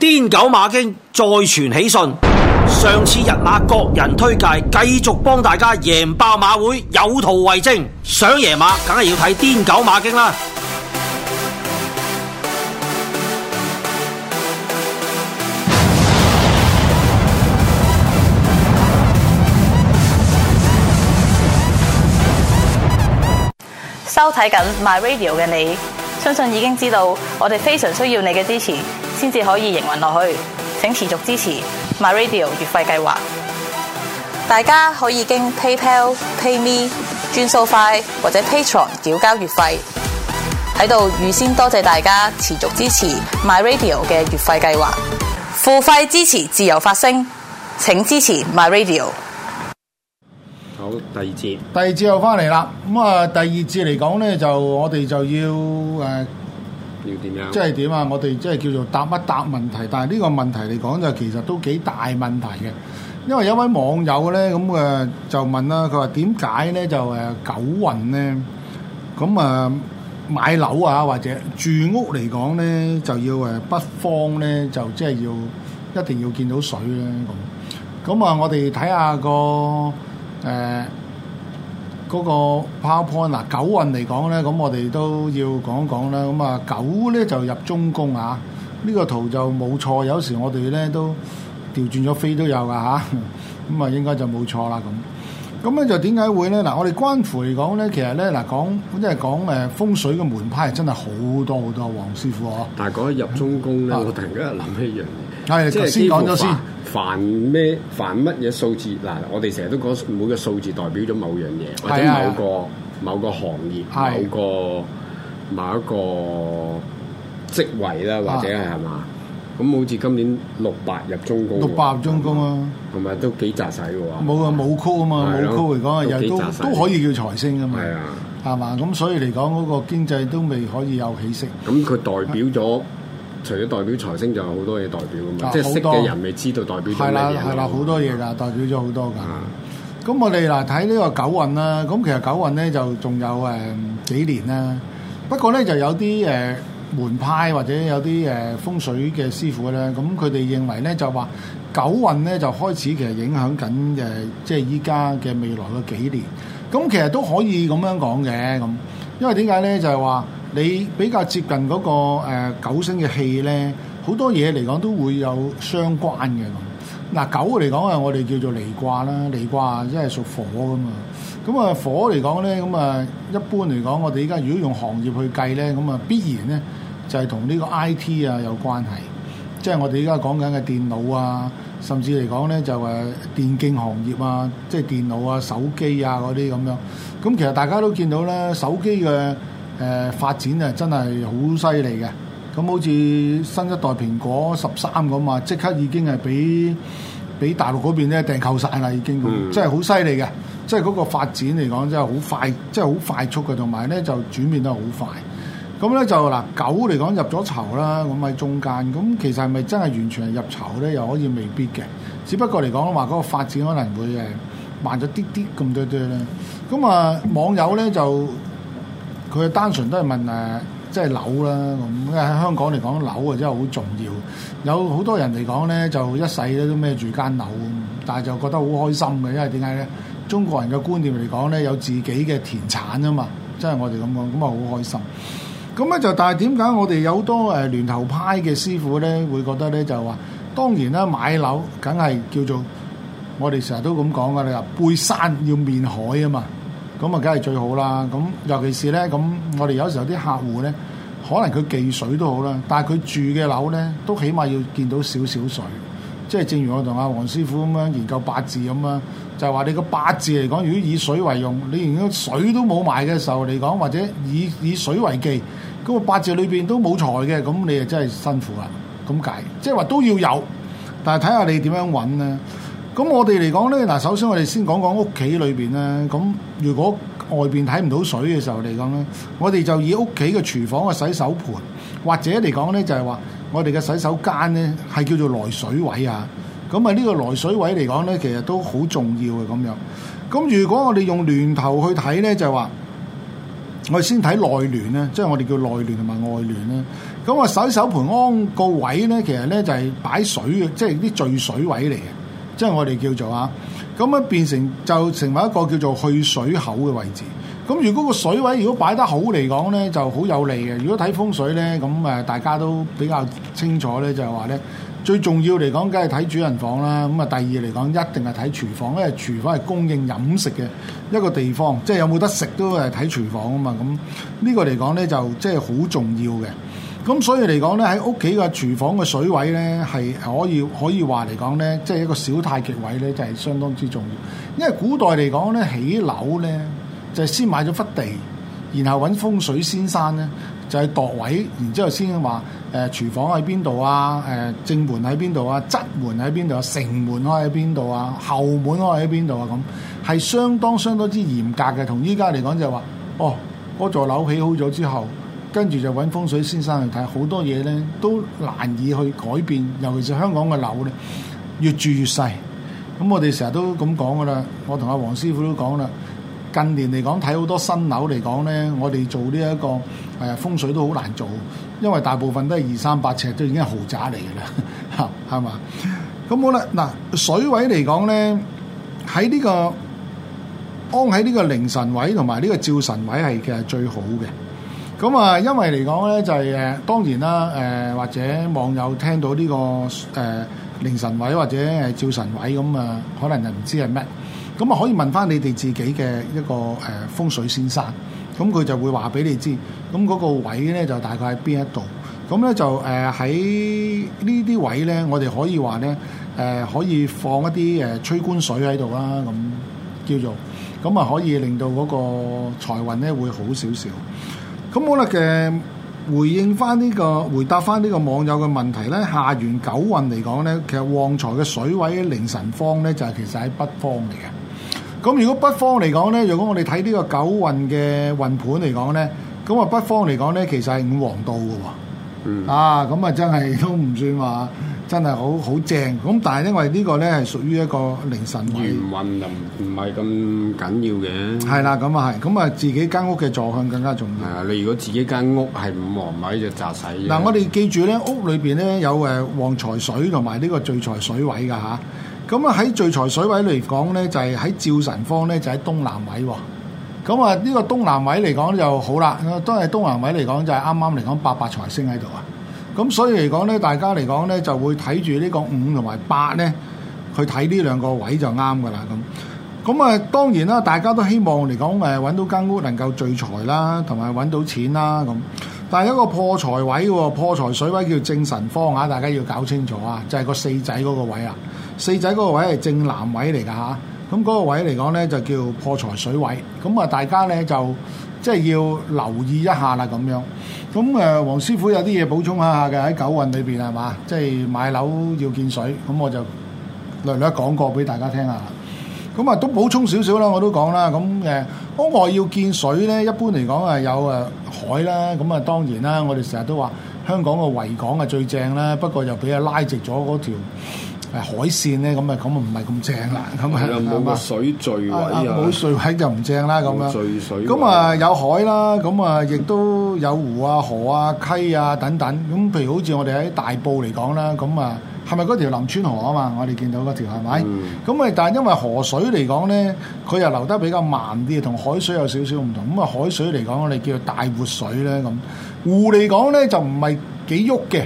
癲狗馬經再傳喜訊，上次日馬各人推介繼續幫大家贏爆馬會，有圖為證。想贏馬，梗係要睇癲狗馬經啦！收睇緊 My Radio 嘅你，相信已經知道我哋非常需要你嘅支持。先至可以營運落去，請持續支持 MyRadio 月費計劃。大家可以經 PayPal、PayMe 轉數快或者 Patreon 繳交月費。喺度預先多謝大家持續支持 MyRadio 嘅月費計劃，付費支持自由發聲。請支持 MyRadio。好，第二節，第二節又翻嚟啦。咁啊，第二節嚟講咧，就我哋就要誒。呃要點樣？即係點啊？我哋即係叫做答一答問題，但係呢個問題嚟講就其實都幾大問題嘅。因為有位網友咧咁誒就問啦，佢話點解咧就誒九運咧咁啊買樓啊或者住屋嚟講咧就要誒北方咧就即係要一定要見到水咧咁。咁啊，我哋睇下個誒。嗰個 PowerPoint 嗱、啊、九運嚟講咧，咁我哋都要講一講啦。咁啊九咧就入中宮啊，呢、呢個圖就冇錯。有時我哋咧都調轉咗飛都有噶吓，咁啊、嗯嗯、應該就冇錯啦。咁咁咧就點解會咧？嗱、啊，我哋關乎嚟講咧，其實咧嗱、啊，講本即係講誒風水嘅門派係真係好多好多，黃師傅啊。但係講入中宮咧，啊、我突然間諗起一樣嘢，係頭先講咗先。凡咩，凡乜嘢數字，嗱，我哋成日都講每個數字代表咗某樣嘢，或者某個某個行業，某個某一個職位啦，或者係係嘛？咁好似今年六白入中宮，六白入中宮啊，係咪都幾紮實嘅喎？冇啊，武曲啊嘛，武曲嚟講啊，又都都可以叫財星啊嘛，啊，係嘛？咁所以嚟講嗰個經濟都未可以有起色。咁佢代表咗。除咗代表財星，就有好多嘢代表咁嘛，啊、即係識嘅人未知道代表咗乜嘢啦，係啦，好多嘢噶，代表咗好多噶。咁、嗯、我哋嗱睇呢個九運啦，咁其實九運咧就仲有誒幾年啦。不過咧就有啲誒、呃、門派或者有啲誒、呃、風水嘅師傅咧，咁佢哋認為咧就話九運咧就開始其實影響緊誒，即係依家嘅未來嘅幾年。咁其實都可以咁樣講嘅咁，因為點解咧就係、是、話。你比較接近嗰、那個、呃、九星嘅氣咧，好多嘢嚟講都會有相關嘅。嗱、啊，九嚟講啊，我哋叫做離卦啦，離卦即係屬火嘅嘛。咁啊，火嚟講咧，咁啊，一般嚟講，我哋依家如果用行業去計咧，咁啊，必然咧就係同呢個 IT 啊有關係，即係我哋依家講緊嘅電腦啊，甚至嚟講咧就誒、是、電競行業啊，即係電腦啊、手機啊嗰啲咁樣。咁、啊、其實大家都見到咧，手機嘅、啊。誒發展啊，真係好犀利嘅。咁好似新一代蘋果十三咁啊，即刻已經係畀畀大陸嗰邊咧訂購晒啦，已經，即係好犀利嘅。即係嗰個發展嚟講真，真係好快，即係好快速嘅，同埋咧就轉變得好快。咁咧就嗱，九嚟講入咗籌啦，咁喺中間，咁其實係咪真係完全係入籌咧？又可以未必嘅。只不過嚟講話嗰個發展可能會誒慢咗啲啲咁多啲咧。咁啊，網友咧就。佢啊，單純都係問誒、呃，即係樓啦咁、嗯。因為喺香港嚟講，樓啊真係好重要。有好多人嚟講咧，就一世咧都孭住間樓，但係就覺得好開心嘅，因為點解咧？中國人嘅觀念嚟講咧，有自己嘅田產啊嘛，即係我哋咁講，咁啊好開心。咁咧就，但係點解我哋有好多誒、呃、巒頭派嘅師傅咧，會覺得咧就話，當然啦，買樓梗係叫做我哋成日都咁講噶啦，背山要面海啊嘛。咁啊，梗係最好啦！咁尤其是咧，咁我哋有時候啲客戶咧，可能佢忌水都好啦，但係佢住嘅樓咧，都起碼要見到少少水。即係正如我同阿黃師傅咁樣研究八字咁啦，就係話你個八字嚟講，如果以水為用，你如果水都冇埋嘅時候嚟講，或者以以水為忌，咁個八字裏邊都冇財嘅，咁你啊真係辛苦啊！咁解，即係話都要有，但係睇下你點樣揾咧。咁我哋嚟講咧，嗱，首先我哋先講講屋企裏邊咧。咁如果外邊睇唔到水嘅時候嚟講咧，我哋就以屋企嘅廚房嘅洗手盆，或者嚟講咧就係話我哋嘅洗手間咧，係叫做來水位啊。咁啊呢個來水位嚟講咧，其實都好重要嘅咁樣。咁如果我哋用聯頭去睇咧，就係話我哋先睇內聯咧，即係我哋叫內聯同埋外聯咧。咁啊洗手盆安個位咧，其實咧就係擺水嘅，即係啲聚水位嚟嘅。即係我哋叫做啊，咁樣變成就成為一個叫做去水口嘅位置。咁如果個水位如果擺得好嚟講咧，就好有利嘅。如果睇風水咧，咁誒大家都比較清楚咧，就係話咧，最重要嚟講，梗係睇主人房啦。咁啊，第二嚟講，一定係睇廚房，因為廚房係供應飲食嘅一個地方，即係有冇得食都係睇廚房啊嘛。咁呢個嚟講咧，就即係好重要嘅。咁所以嚟講咧，喺屋企嘅廚房嘅水位咧，係可以可以話嚟講咧，即係一個小太極位咧，就係相當之重要。因為古代嚟講咧，起樓咧就係先買咗忽地，然後揾風水先生咧就係度位，然之後先話誒廚房喺邊度啊，誒正門喺邊度啊，側門喺邊度啊，城門開喺邊度啊，後門開喺邊度啊，咁係相當相當之嚴格嘅。同依家嚟講就係話，哦，嗰座樓起好咗之後。跟住就揾風水先生去睇，好多嘢呢都難以去改變，尤其是香港嘅樓呢，越住越細。咁我哋成日都咁講噶啦，我同阿黃師傅都講啦。近年嚟講，睇好多新樓嚟講呢，我哋做呢、這、一個係啊、哎、風水都好難做，因為大部分都係二三百尺，都已經係豪宅嚟嘅啦，嚇係嘛？咁好啦，嗱，水位嚟講呢，喺呢、這個安喺呢個凌晨位同埋呢個照神位係其實最好嘅。咁啊、嗯，因為嚟講咧，就係、是、誒當然啦，誒、呃、或者網友聽到呢、這個誒、呃、零神位或者誒正神位咁啊、嗯，可能就唔知係咩。咁、嗯、啊，可以問翻你哋自己嘅一個誒、呃、風水先生，咁、嗯、佢就會話俾你知。咁、嗯、嗰、那個位咧就大概喺邊一度。咁、嗯、咧、嗯、就誒喺、呃、呢啲位咧，我哋可以話咧誒可以放一啲誒催官水喺度啦，咁叫做咁啊，嗯、可以令到嗰個財運咧會好少少。咁好喇，嘅回應翻呢個回答翻呢個網友嘅問題咧，下元九運嚟講咧，其實旺財嘅水位、零神方咧，就係其實喺北方嚟嘅。咁如果北方嚟講咧，如果我哋睇呢個九運嘅運盤嚟講咧，咁啊，北方嚟講咧，其實係五黃道嘅喎。嗯、啊，咁啊真係都唔算話真係好好正，咁但係因為呢個咧係屬於一個凌晨運，運唔唔係咁緊要嘅。係啦、嗯，咁啊係，咁啊、就是、自己間屋嘅坐向更加重要。係啊，你如果自己間屋係五黃位就駛使。嗱，我哋記住咧，屋裏邊咧有誒旺財水同埋呢個聚財水位㗎吓，咁啊喺聚財水位嚟講咧，就係喺照神方咧，就喺、是、東南位喎。啊咁啊，呢個東南位嚟講就好啦，都係東南位嚟講就係啱啱嚟講八白財星喺度啊！咁所以嚟講咧，大家嚟講咧就會睇住呢個五同埋八咧，去睇呢兩個位就啱噶啦咁。咁啊，當然啦，大家都希望嚟講誒揾到間屋能夠聚財啦，同埋揾到錢啦咁。但係一個破財位喎，破財水位叫正神方啊，大家要搞清楚啊！就係、是、個四仔嗰個位啊，四仔嗰個位係正南位嚟噶嚇。咁嗰個位嚟講咧，就叫破財水位，咁啊大家咧就即係、就是、要留意一下啦咁樣。咁誒，黃師傅有啲嘢補充下嘅喺九運裏邊係嘛？即係、就是、買樓要見水，咁我就略略講過俾大家聽下。咁啊，都補充少少啦，我都講啦。咁誒，屋外要見水咧，一般嚟講係有誒海啦，咁啊當然啦，我哋成日都話香港個維港啊最正啦，不過又俾啊拉直咗嗰條海線咧咁啊，咁啊唔係咁正啦，咁啊冇個水聚位啊，冇、啊、水位就唔正啦，咁樣、啊。咁啊有海啦，咁啊亦都有湖啊、河啊、溪啊等等。咁譬如好似我哋喺大埔嚟講啦，咁啊係咪嗰條林村河啊嘛？我哋見到嗰條係咪？咁啊、嗯，但係因為河水嚟講咧，佢又流得比較慢啲，同海水有少少唔同。咁啊，海水嚟講我哋叫做大活水咧咁，湖嚟講咧就唔係幾喐嘅。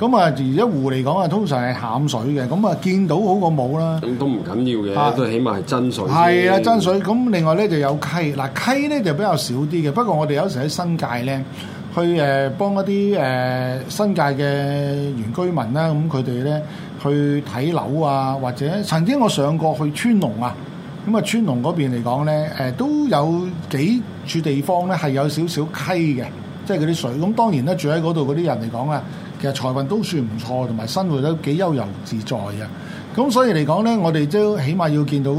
咁啊，而一湖嚟講啊，通常係鹹水嘅。咁啊，見到好過冇啦。咁都唔緊要嘅，啊、都起碼係真水，水。係啊，真水。咁另外咧就有溪，嗱溪咧就比較少啲嘅。不過我哋有時喺新界咧，去誒幫一啲誒、呃、新界嘅原居民啦，咁佢哋咧去睇樓啊，或者曾經我上過去川龍啊，咁啊川龍嗰邊嚟講咧，誒都有幾處地方咧係有少少溪嘅，即係嗰啲水。咁當然咧住喺嗰度嗰啲人嚟講啊。其實財運都算唔錯，同埋生活都幾悠遊自在嘅。咁所以嚟講咧，我哋都起碼要見到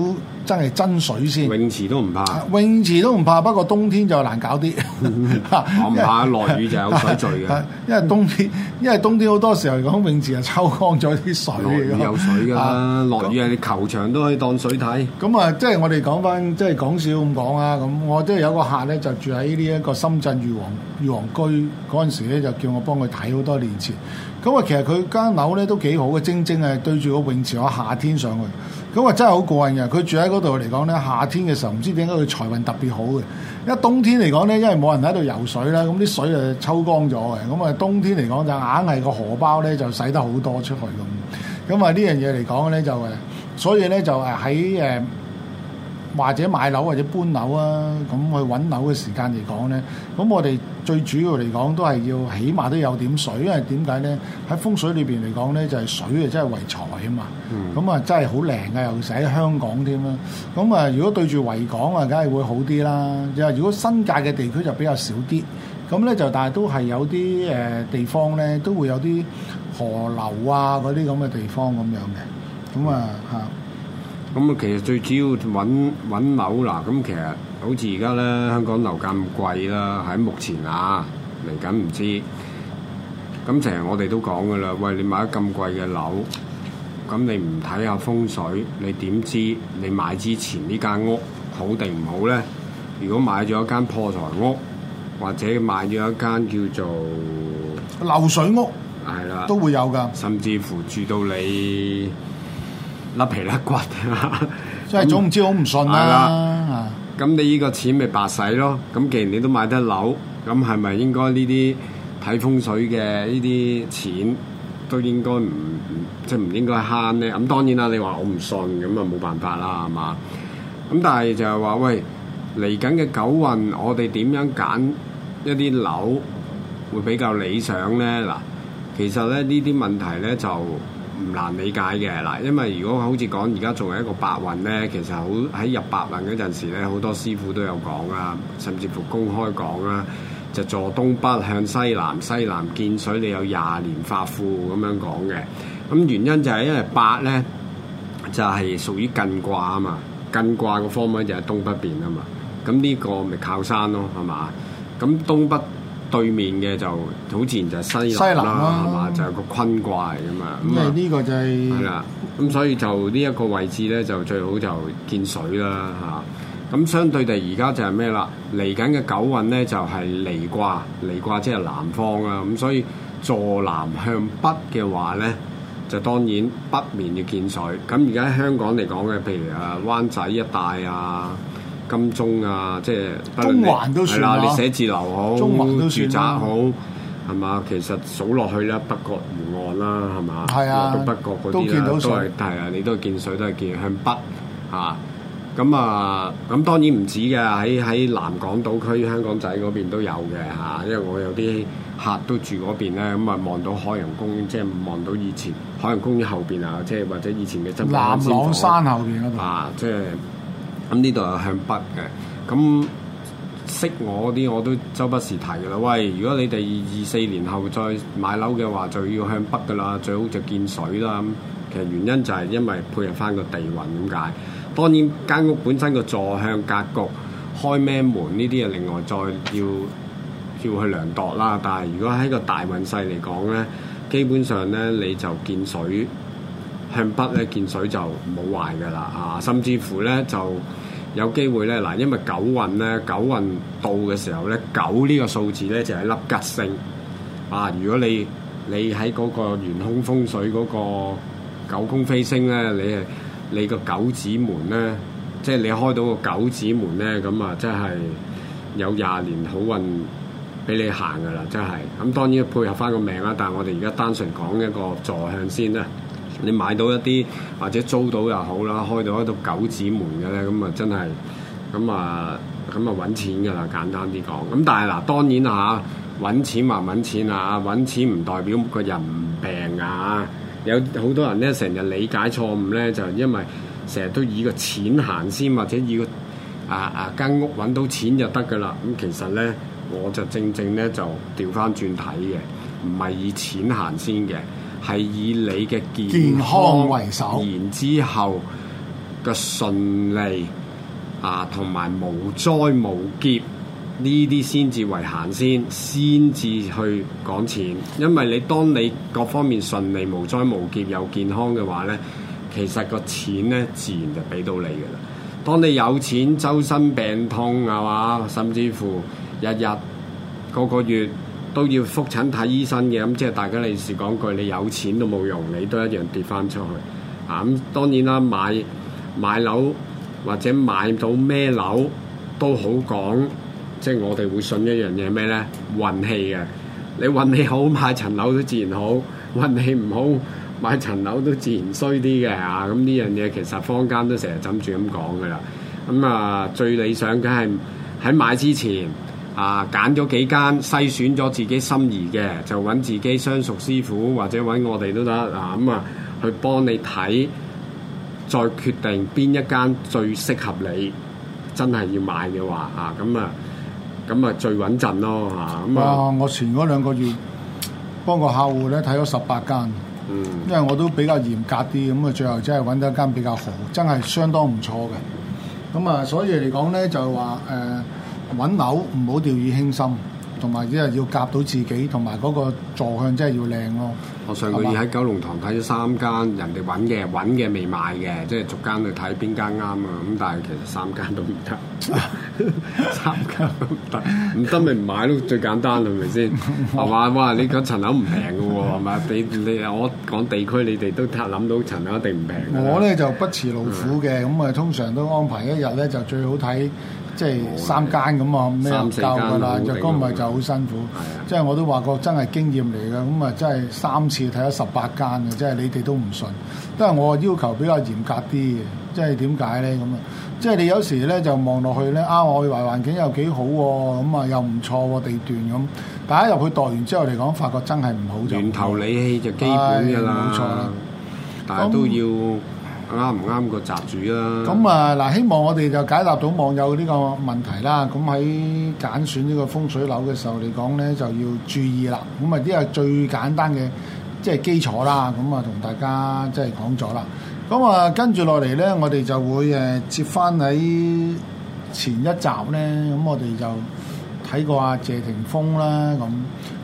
真係真水先泳，啊。泳池都唔怕。泳池都唔怕，不過冬天就難搞啲。我唔怕，落雨就有水聚嘅。因為冬天，因為冬天好多時候嚟講，泳池就抽乾咗啲水。嗯、有水㗎，落雨啊，啲球場都可以當水睇。咁啊，即係我哋講翻，即係講笑咁講啊。咁我即係有個客咧，就住喺呢一個深圳裕皇裕皇居嗰陣時咧，就叫我幫佢睇好多年前。咁啊，其實佢間樓咧都幾好嘅，正正係對住個泳池，喺夏天上去，咁啊真係好過癮嘅。佢住喺嗰度嚟講咧，夏天嘅時候唔知點解佢財運特別好嘅，因為冬天嚟講咧，因為冇人喺度游水啦，咁啲水啊抽乾咗嘅，咁啊冬天嚟講就硬係個荷包咧就使得好多出去咁。咁啊呢樣嘢嚟講咧就誒，所以咧就係喺誒。或者買樓或者搬樓啊，咁去揾樓嘅時間嚟講咧，咁我哋最主要嚟講都係要起碼都有點水，因為點解咧？喺風水裏邊嚟講咧，就係、是、水啊、就是嗯，真係為財啊嘛。咁啊，真係好靚啊，尤其是喺香港添啦。咁啊，如果對住維港啊，梗係會好啲啦。就係如果新界嘅地區就比較少啲，咁咧就但係都係有啲誒地方咧，都會有啲河流啊嗰啲咁嘅地方咁樣嘅。咁啊嚇。嗯嗯。咁其實最主要揾揾樓嗱，咁其實好似而家咧，香港樓咁貴啦，喺目前啊嚟緊唔知。咁成日我哋都講噶啦，喂，你買咗咁貴嘅樓，咁你唔睇下風水，你點知你買之前呢間屋好定唔好咧？如果買咗一間破財屋，或者買咗一間叫做流水屋了，係啦，都會有噶，甚至乎住到你。甩皮甩骨 那，即係總唔知好唔信啦、啊。咁、啊、你呢個錢咪白使咯？咁既然你都買得樓，咁係咪應該呢啲睇風水嘅呢啲錢都應該唔唔即係唔應該慳咧？咁當然啦，你話我唔信，咁啊冇辦法啦，係嘛？咁但係就係話喂，嚟緊嘅九運，我哋點樣揀一啲樓會比較理想咧？嗱，其實咧呢啲問題咧就。唔難理解嘅嗱，因為如果好似講而家作為一個八運咧，其實好喺入八運嗰陣時咧，好多師傅都有講啊，甚至乎公開講啦、啊，就坐東北向西南，西南見水，你有廿年發富咁樣講嘅。咁原因就係因為八咧就係屬於艮卦啊嘛，艮卦嘅方位就喺東北邊啊嘛，咁呢個咪靠山咯，係嘛？咁東北。對面嘅就好自然就西南啦，係嘛？就個坤卦咁啊，咁啊，係啦。咁、就係、所以就呢一個位置咧，就最好就見水啦，嚇、啊。咁相對地，而家就係咩啦？嚟緊嘅九運咧，就係、係、離卦，離卦即係南方啊。咁所以坐南向北嘅話咧，就當然北面要見水。咁而家香港嚟講嘅，譬如啊灣仔一帶啊。金鐘啊，即係中環都算啦。係啦，你寫字樓好，中都住宅好，係嘛？其實數落去咧，北角沿岸啦，係嘛？係啊，北角嗰啲都見到水，係啊，你都見水，都係見向北嚇。咁啊，咁、啊、當然唔止嘅，喺喺南港島區香港仔嗰邊都有嘅嚇、啊。因為我有啲客都住嗰邊咧，咁啊望到、嗯、海洋公園，即係望到以前海洋公園後邊啊，即係或者以前嘅南朗山後邊嗰度啊，即係。咁呢度係向北嘅，咁、嗯、識我啲我都周不時提嘅啦。喂，如果你哋二四年後再買樓嘅話，就要向北噶啦，最好就見水啦、嗯。其實原因就係因為配合翻個地運咁解。當然間屋本身個坐向格局、開咩門呢啲啊，另外再要要去量度啦。但係如果喺個大運勢嚟講呢，基本上呢，你就見水，向北咧見水就冇壞嘅啦啊，甚至乎咧就有機會咧嗱，啊，因為九運咧，九運到嘅時候咧，九呢個數字咧就係一粒吉星啊！如果你你喺嗰個玄空風水嗰個九宮飛星咧，你你個九紫門咧，即係你開到個九紫門咧，咁啊真係有廿年好運俾你行嘅啦，真係。咁當然配合返個命啦，啊，但係我哋而家單純講一個坐向先啦。你買到一啲或者租到又好啦，開到一度九紫門嘅咧，咁啊真係咁啊咁啊揾錢㗎啦，簡單啲講。咁但係嗱，當然嚇、啊、揾錢還揾錢啦、啊，啊揾錢唔代表個人唔病啊。有好多人咧成日理解錯誤咧，就係、因為成日都以個錢行先，或者以個啊啊間屋揾到錢就得㗎啦。咁其實咧，我就正正咧就調翻轉睇嘅，唔係以錢行先嘅。係以你嘅健康為首，然之後嘅順利啊，同埋無災無劫呢啲先至為行先，先至去講錢。因為你當你各方面順利、無災無劫、有健康嘅話呢，其實個錢咧自然就俾到你㗎啦。當你有錢周身病痛啊嘛，甚至乎日日個個月。都要覆診睇醫生嘅，咁即係大家嚟時講句，你有錢都冇用，你都一樣跌翻出去啊！咁當然啦，買買樓或者買到咩樓都好講，即係我哋會信一樣嘢咩咧？運氣嘅，你運氣好買層樓都自然好，運氣唔好買層樓都自然衰啲嘅啊！咁呢樣嘢其實坊間都成日枕住咁講㗎喇。咁啊，最理想梗係喺買之前。啊，揀咗幾間，篩選咗自己心儀嘅，就揾自己相熟師傅或者揾我哋都得嗱。咁啊，啊，去幫你睇，再決定邊一間最適合你。真係要買嘅話啊，咁啊，咁啊最穩陣咯嚇。咁啊，啊，啊，我前嗰兩個月幫個客戶咧睇咗十八間，嗯，因為我都比較嚴格啲，咁啊最後真係揾到一間比較好，真係相當唔錯嘅。咁啊，所以嚟講咧就話、是、誒。呃揾樓唔好掉以輕心，同埋即係要夾到自己，同埋嗰個坐向真係要靚咯、哦。我上個月喺九龍塘睇咗三間，人哋揾嘅，揾嘅未買嘅，即係逐間去睇邊間啱啊！咁但係其實三間都唔得， 三間都唔得，唔得咪唔買咯，都最簡單啦，係咪先？係嘛？哇！你講層樓唔平嘅喎，係咪？ 你你我講地區，你哋都諗到層樓一定唔平嘅。我咧就不辭勞苦嘅，咁啊通常都安排一日咧就最好睇。即係三間咁啊，咩唔夠㗎啦，若果唔係就好辛苦。即係我都話過，真係經驗嚟㗎。咁啊，真係三次睇咗十八間嘅，即係你哋都唔信。都係我要求比較嚴格啲嘅，即係點解咧咁啊？即係你有時咧就望落去咧啊，外圍環境又幾好喎，咁啊又唔錯喎地段咁。但係一入去度完之後嚟講，發覺真係唔好就。源頭理氣就基本㗎啦，但係都要。啱唔啱個宅主啦，啊？咁啊嗱，希望我哋就解答到網友呢個問題啦。咁喺揀選呢個風水樓嘅時候嚟講咧，就要注意啦。咁啊呢個最簡單嘅，即係基礎啦。咁啊同大家即係講咗啦。咁啊跟住落嚟咧，我哋就會誒接翻喺前一集咧。咁我哋就睇過阿謝霆鋒啦。咁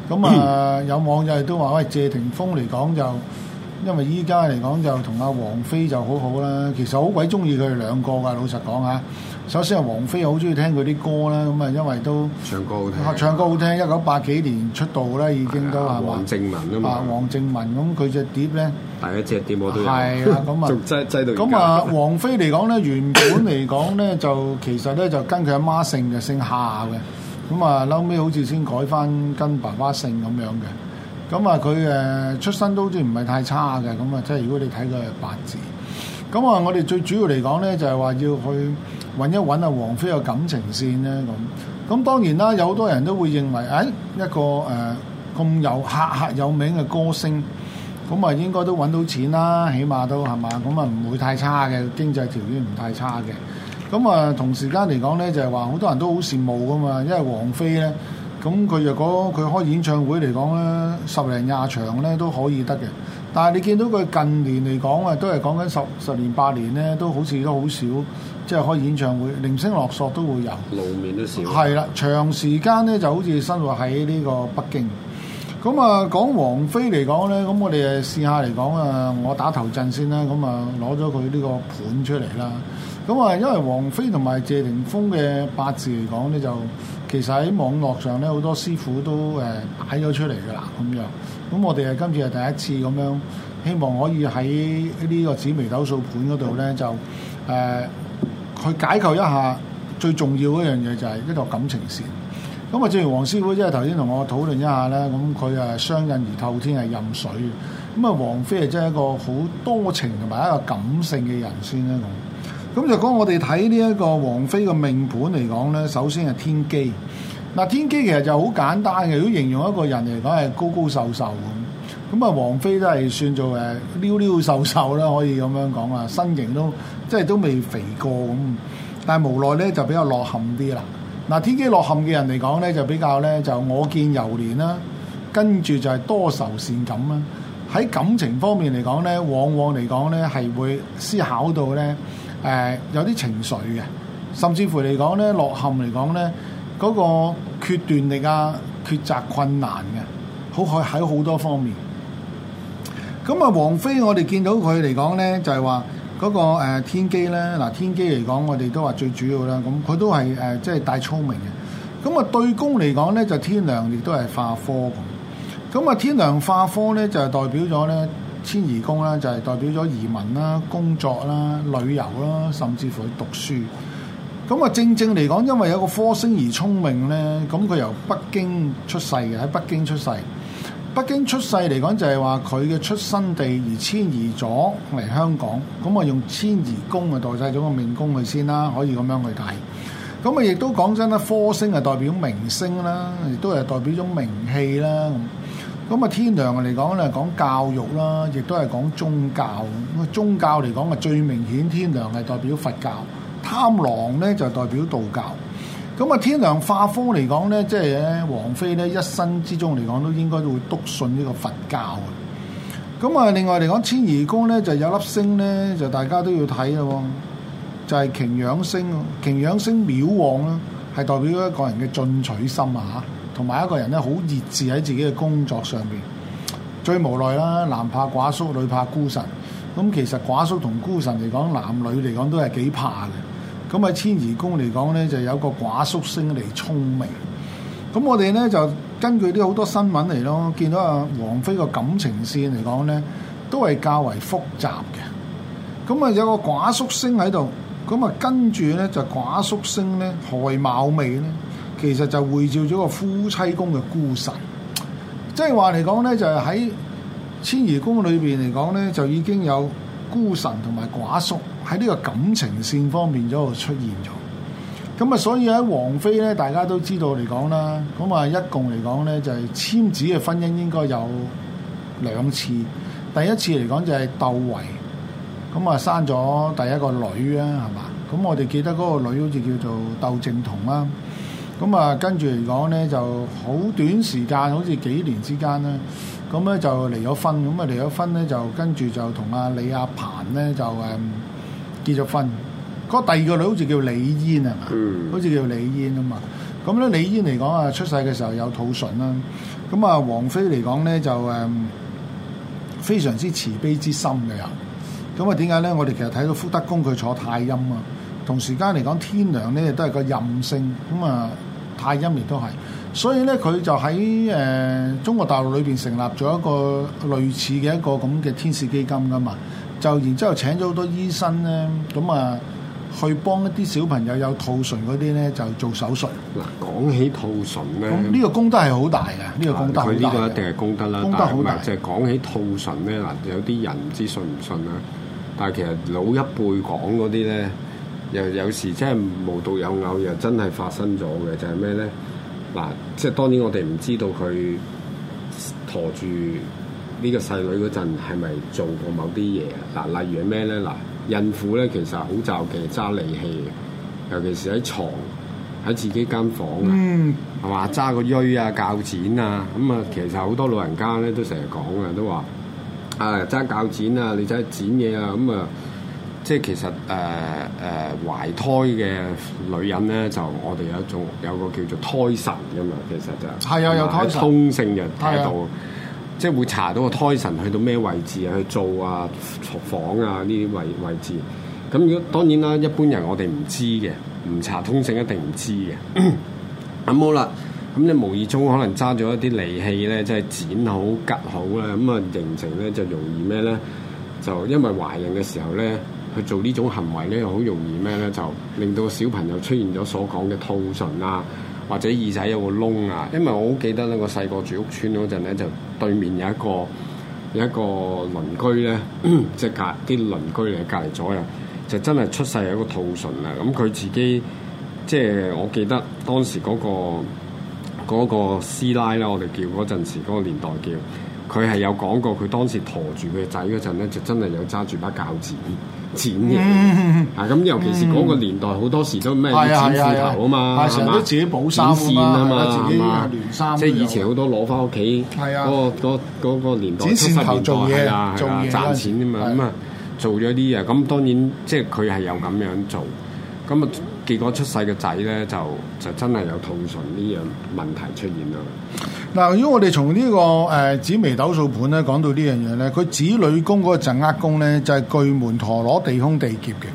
咁啊、嗯、有網友都話喂，謝霆鋒嚟講就～因為依家嚟講就同阿王菲就好好啦，其實好鬼中意佢哋兩個噶，老實講嚇。首先阿王菲好中意聽佢啲歌啦，咁啊因為都唱歌好聽，唱歌好聽。的一九八幾年出道咧，已經都話、啊、王靖雯啊嘛。王靖雯咁佢隻碟咧，第一隻碟我係啊咁啊製製咁啊王菲嚟講咧，原本嚟講咧就其實咧就跟佢阿媽姓嘅 姓夏嘅，咁啊嬲尾好似先改翻跟爸爸姓咁樣嘅。咁啊，佢誒出身都好似唔係太差嘅，咁啊，即係如果你睇佢八字，咁啊，我哋最主要嚟講咧，就係話要去揾一揾啊，王菲嘅感情綫咧，咁，咁當然啦，有好多人都會認為，誒一個誒咁有赫赫有名嘅歌星，咁啊應該都揾到錢啦，起碼都係嘛，咁啊唔會太差嘅經濟條件唔太差嘅，咁啊同時間嚟講咧，就係話好多人都好羨慕噶嘛，因為王菲咧。咁佢若果佢開演唱會嚟講咧，十零廿場咧都可以得嘅。但係你見到佢近年嚟講啊，都係講緊十十年八年咧，都好似都好少，即係開演唱會，零星落索都會有。露面都少。係啦，長時間咧就好似生活喺呢個北京。咁啊，講王菲嚟講咧，咁我哋試下嚟講啊，我打頭陣先啦。咁啊，攞咗佢呢個盤出嚟啦。咁啊，因為王菲同埋謝霆鋒嘅八字嚟講咧，就其實喺網絡上咧，好多師傅都誒擺咗出嚟嘅啦，咁樣。咁我哋係今次係第一次咁樣，希望可以喺呢個紫微斗數盤嗰度咧，就誒、呃、去解構一下最重要嗰樣嘢，就係、是、一個感情線。咁、嗯、啊，正如黃師傅即係頭先同我討論一下咧，咁佢係相印而透天係任水咁，啊，王菲係真係一個好多情同埋一個感性嘅人先啦。咁就講我哋睇呢一個王菲嘅命盤嚟講呢，首先係天機。嗱，天機其實就好簡單嘅，如果形容一個人嚟講係高高瘦瘦咁。咁啊，王菲都係算做誒溜溜瘦瘦啦，可以咁樣講啊，身形都即係都未肥過咁。但係無奈呢，就比較落陷啲啦。嗱，天機落陷嘅人嚟講呢，就比較呢，就我見猶憐啦，跟住就係多愁善感啦。喺感情方面嚟講呢，往往嚟講呢，係會思考到呢。誒、呃、有啲情緒嘅，甚至乎嚟講咧，落陷嚟講咧，嗰、那個決斷力啊、抉擇困難嘅，好可喺好多方面。咁、嗯、啊，王菲我哋見到佢嚟講咧，就係話嗰個、呃、天機咧，嗱，天機嚟講，我哋都話最主要啦。咁佢都係誒即係大聰明嘅。咁、嗯、啊，對宮嚟講咧，就天梁亦都係化科咁。咁、嗯、啊，天梁化科咧，就係代表咗咧。遷移宮咧就係代表咗移民啦、工作啦、旅遊啦，甚至乎去讀書。咁啊，正正嚟講，因為有個科星而聰明呢，咁佢由北京出世嘅，喺北京出世。北京出世嚟講就係話佢嘅出生地而遷移咗嚟香港。咁啊，用遷移宮啊代替咗個命宮去先啦，可以咁樣去睇。咁啊，亦都講真啦，科星係代表明星啦，亦都係代表種名氣啦。咁啊，天梁嚟講咧，講教育啦，亦都係講宗教。咁宗教嚟講啊，最明顯天梁係代表佛教，貪狼咧就代表道教。咁啊，天梁化科嚟講咧，即係咧，王菲咧，一生之中嚟講都應該都會篤信呢個佛教。咁啊，另外嚟講，遷移宮咧就有粒星咧，就大家都要睇咯。就係擎羊星，擎羊星廟旺啦，係代表一個人嘅進取心啊！嚇～同埋一個人咧，好熱熾喺自己嘅工作上邊，最無奈啦，男怕寡宿，女怕孤辰。咁其實寡宿同孤辰嚟講，男女嚟講都係幾怕嘅。咁喺遷移宮嚟講咧，就有個寡宿星嚟聰明。咁、嗯、我哋咧就根據啲好多新聞嚟咯，見到阿、啊、王菲個感情線嚟講咧，都係較為複雜嘅。咁、嗯、啊有個寡宿星喺度，咁、嗯、啊跟住咧就寡宿星咧害貌美咧。其實就會照咗個夫妻宮嘅孤神，即係話嚟講咧，就係喺遷移宮裏邊嚟講咧，就已經有孤神同埋寡宿喺呢個感情線方面咗度出現咗。咁啊，所以喺王菲咧，大家都知道嚟講啦，咁啊，一共嚟講咧，就係、是、籤子嘅婚姻應該有兩次。第一次嚟講就係竇唯，咁啊生咗第一個女啊，係嘛？咁我哋記得嗰個女好似叫做竇靖童啦。咁啊，跟住嚟講咧，就好短時間，好似幾年之間啦。咁咧就離咗婚，咁啊離咗婚咧，就跟住就同阿李亞鵬咧就誒、嗯、結咗婚。嗰、那個、第二個女好似叫李嫣啊，嗯、嘛，好似叫李嫣啊嘛。咁咧李嫣嚟講啊，出世嘅時候有兔唇啦。咁啊，王菲嚟講咧就誒、嗯、非常之慈悲之心嘅人。咁啊，點解咧？我哋其實睇到福德宮佢坐太陰啊，同時間嚟講天梁咧都係個任性咁啊。太陰亦都係，所以咧佢就喺誒、呃、中國大陸裏邊成立咗一個類似嘅一個咁嘅天使基金㗎嘛，就然之後請咗好多醫生咧，咁啊去幫一啲小朋友有兔唇嗰啲咧就做手術。嗱，講起兔唇咧，呢個功德係好大嘅，呢、這個功德好大。佢呢個一定係功德啦，功德好大。就係講起兔唇咧，嗱有啲人唔知信唔信啦、啊，但係其實老一輩講嗰啲咧。又有時真係無獨有偶，又真係發生咗嘅就係咩咧？嗱，即係當然我哋唔知道佢陀住呢個細女嗰陣係咪做過某啲嘢？嗱，例如係咩咧？嗱，孕婦咧其實好就嘅揸利器，尤其是喺床，喺自己間房、嗯、啊，係嘛？揸個鋬啊、鉸剪啊，咁啊，其實好多老人家咧都成日講啊，都話啊揸鉸剪啊，你走剪嘢啊，咁、嗯、啊～啊即係其實誒誒懷胎嘅女人咧，就我哋有一種有一個叫做胎神嘅嘛，其實就係啊，有胎神通勝嘅喺度，即係會查到個胎神去到咩位置啊，去做啊房啊呢啲位位置。咁如果當然啦，一般人我哋唔知嘅，唔查通勝一定唔知嘅。咁 好啦，咁你無意中可能揸咗一啲利器咧，即係剪好拮好啦，咁啊形成咧就容易咩咧？就因為懷孕嘅時候咧。佢做呢種行為咧，好容易咩咧？就令到小朋友出現咗所講嘅兔唇啊，或者耳仔有個窿啊。因為我好記得咧，我細個住屋村嗰陣咧，就對面有一個有一個鄰居咧，即係、 就是、隔啲鄰居嚟隔離咗嘅，就真係出世有一個兔唇啊。咁、嗯、佢自己即係、就是、我記得當時嗰、那個嗰、那個、師奶咧，我哋叫嗰陣時嗰、那個年代叫。佢係有講過，佢當時駝住佢仔嗰陣咧，就真係有揸住把鉸剪剪嘅嚇。咁尤其是嗰個年代，好多時都咩剪線頭啊嘛，成日自己補衫噶嘛，即係以前好多攞翻屋企嗰個嗰嗰年代，七十年代係啊，賺錢啊嘛，咁做咗啲啊。咁當然即係佢係有咁樣做。咁啊，結果出世嘅仔咧就就真係有兔唇呢樣問題出現啦。嗱，如果我哋從呢、這個誒、呃、紫微斗數盤咧講到呢樣嘢咧，佢子女宮嗰個呃厄宮咧就係、是、巨門陀羅地空地劫嘅。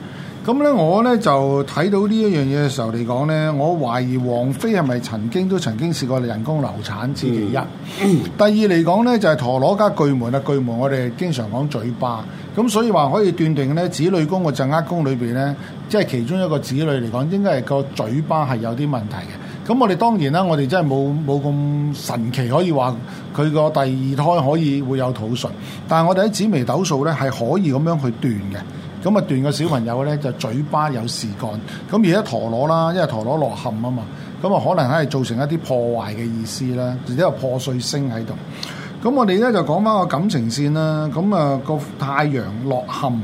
咁咧我咧就睇到呢一樣嘢嘅時候嚟講咧，我懷疑王菲係咪曾經都曾經試過人工流產？之其一，嗯、 第二嚟講咧就係、是、陀羅加巨門啊！巨門我哋經常講嘴巴。咁所以話可以斷定咧，子女宮個鎮壓宮裏邊咧，即係其中一個子女嚟講，應該係個嘴巴係有啲問題嘅。咁我哋當然啦，我哋真係冇冇咁神奇可以話佢個第二胎可以會有兔唇，但係我哋喺紫微斗數咧係可以咁樣去斷嘅。咁啊斷個小朋友咧就嘴巴有事幹，咁而家陀螺啦，因為陀螺落陷啊嘛，咁啊可能係造成一啲破壞嘅意思啦，而且有破碎星喺度。咁我哋咧就講翻個感情線啦，咁啊個太陽落陷，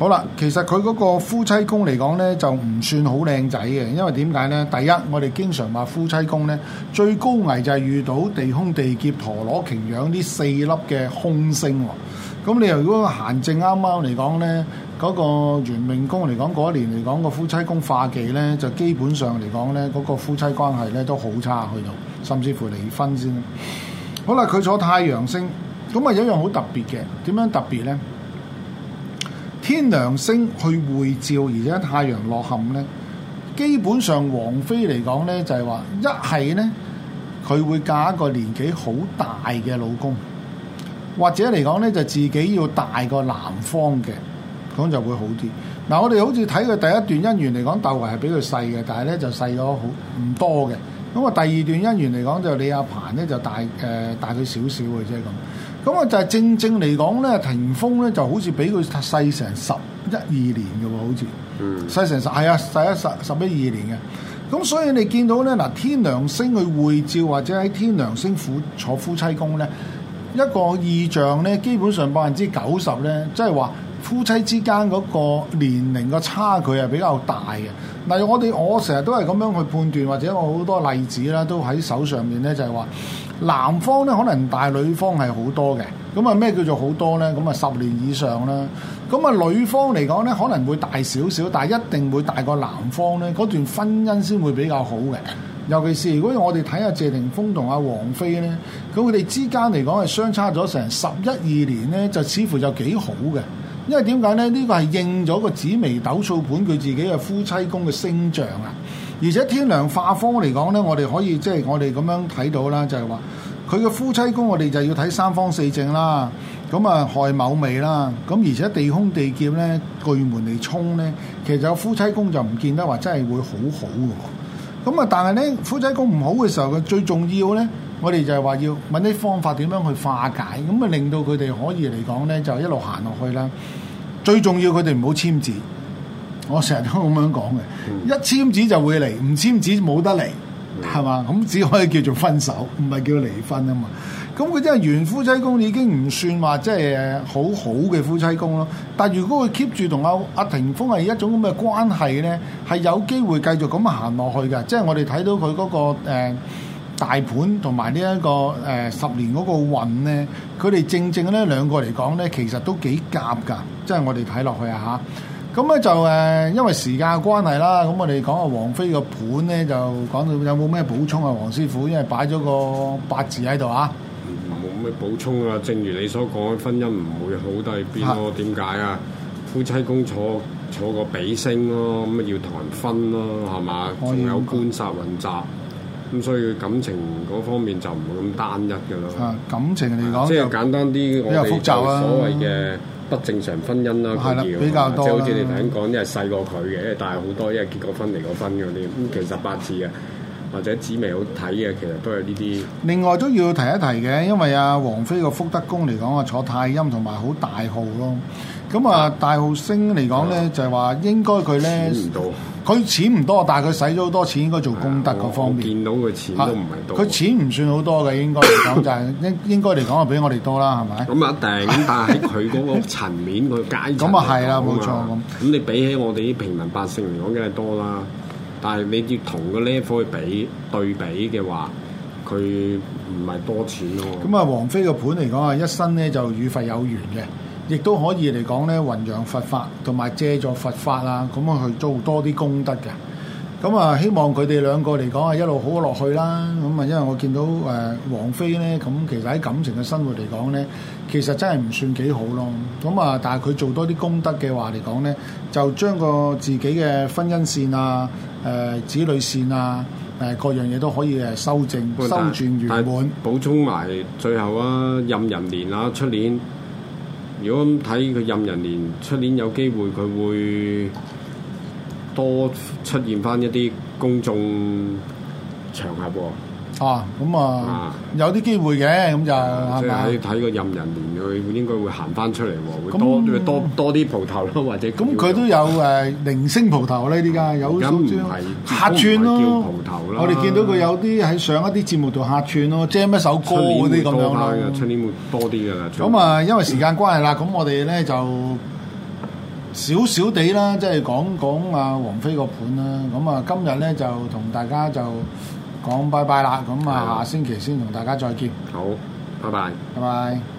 好啦，其實佢嗰個夫妻宮嚟講咧就唔算好靚仔嘅，因為點解咧？第一，我哋經常話夫妻宮咧最高危就係遇到地空地劫陀羅擎羊呢四粒嘅凶星，咁你又如果行正啱啱嚟講咧，嗰、那個元命宮嚟講嗰一年嚟講個夫妻宮化忌咧，就基本上嚟講咧嗰、那個夫妻關係咧都好差去到，甚至乎離婚先。好啦，佢坐太陽星，咁啊有一樣好特別嘅，點樣特別咧？天梁星去會照，而且太陽落陷咧，基本上王菲嚟講咧就係話，一係咧佢會嫁一個年紀好大嘅老公，或者嚟講咧就自己要大過男方嘅，咁就會好啲。嗱，我哋好似睇佢第一段姻緣嚟講，竇唯係比佢細嘅，但係咧就細咗好唔多嘅。咁啊，第二段姻緣嚟講，就李亞鵬咧就大誒、呃、大佢少少嘅啫咁。咁啊，就係正正嚟講咧，霆鋒咧就好似比佢細成十一二年嘅喎，好似嗯細成十係啊，細一十十一二年嘅。咁所以你見到咧嗱，天梁星去會照或者喺天梁星夫坐夫妻宮咧，一個異象咧，基本上百分之九十咧，即係話夫妻之間嗰個年齡個差距係比較大嘅。嗱，我哋我成日都係咁樣去判斷，或者我好多例子啦，都喺手上面咧，就係話男方咧可能大女方係好多嘅，咁啊咩叫做好多咧？咁啊十年以上啦，咁啊女方嚟講咧可能會大少少，但係一定會大過男方咧，嗰段婚姻先會比較好嘅。尤其是如果我哋睇下謝霆鋒同阿王菲咧，咁佢哋之間嚟講係相差咗成十一二年咧，就似乎就幾好嘅。因為點解咧？呢、這個係應咗個紫微斗數盤佢自己嘅夫妻宮嘅星象。啊！而且天梁化科嚟講咧，我哋可以即係我哋咁樣睇到啦，就係話佢嘅夫妻宮，我哋就要睇三方四正啦。咁啊，害某未啦。咁而且地空地劫咧，巨門嚟衝咧，其實有夫妻宮就唔見得話真係會好好嘅。咁啊，但係咧，夫妻宮唔好嘅時候，佢最重要咧。我哋就係話要揾啲方法點樣去化解，咁啊，令到佢哋可以嚟講咧，就一路行落去啦。最重要佢哋唔好簽字，我成日都咁樣講嘅。一簽字就會離，唔簽字冇得離，係嘛？咁只可以叫做分手，唔係叫離婚啊嘛。咁佢真係原夫妻宮已經唔算話即係好好嘅夫妻宮咯。但如果佢 keep 住同阿阿霆鋒係一種咁嘅關係咧，係有機會繼續咁行落去嘅。即係我哋睇到佢嗰個、呃大盤同埋呢一個誒、呃、十年嗰個運咧，佢哋正正咧兩個嚟講咧，其實都幾夾㗎，即係我哋睇落去啊吓咁咧就誒、呃，因為時間關係啦，咁我哋講下王菲個盤咧，就講到有冇咩補充啊，黃師傅，因為擺咗個八字喺度啊。冇咩補充啊，正如你所講，婚姻唔會好得去邊咯。點解啊，啊，啊？夫妻宮坐坐個比星咯，啊，咁啊要同人分咯，係嘛？仲憐有官煞混雜。咁所以佢感情嗰方面就唔會咁單一嘅咯。啊，感情嚟講，即係簡單啲，比較複雜，我哋所謂嘅不正常婚姻啦，比較多，即係好似你頭先講，一係細過佢嘅，一係大好多，一係結過婚離過婚嗰啲。咁其實八字啊，或者紫微好睇嘅，其實都有呢啲。另外都要提一提嘅，因為阿王菲個福德宮嚟講啊，坐太陰同埋好大號咯。咁啊，大號星嚟講咧，就係話應該佢咧。佢錢唔多，但係佢使咗好多錢，應該做功德嗰方面。見到佢錢都唔係多。佢錢唔算好多嘅，應該嚟講就係、應、應 應該嚟講，就比我哋多啦，係咪？咁啊，一定！但係喺佢嗰個層面，咁 階級嚟講啊，咁你比起我哋啲平民百姓嚟講，梗係多啦。但係你要同個 level 去比對比嘅話，佢唔係多錢喎。咁啊，王菲個盤嚟講啊，一生咧就與佛有緣嘅。亦都可以嚟講咧，弘揚佛法同埋借助佛法啊，咁啊去做多啲功德嘅。咁啊，希望佢哋兩個嚟講啊，一路好落去啦。咁啊，因為我見到誒、呃、王菲咧，咁其實喺感情嘅生活嚟講咧，其實真係唔算幾好咯。咁啊，但係佢做多啲功德嘅話嚟講咧，就將個自己嘅婚姻線啊、誒、呃、子女線啊、誒、呃、各樣嘢都可以誒修正、修轉圓滿。補充埋最後啊，壬寅年啊，出年。如果咁睇，佢壬寅年出年有機會，佢會多出現翻一啲公眾場合喎、哦。哦，咁啊，有啲機會嘅，咁就即係喺睇個任人年佢應該會行翻出嚟喎，會多多多啲蒲頭咯，或者咁佢都有誒零星蒲頭呢啲㗎，有少少客串咯，我哋見到佢有啲喺上一啲節目度客串咯，jam 一首歌嗰啲咁樣咯。出年會多啲嘅，咁啊，因為時間關係啦，咁我哋咧就少少地啦，即係講講啊，王菲個盤啦。咁啊，今日咧就同大家就。講拜拜啦，咁啊下星期先同大家再見。好，拜拜，拜拜。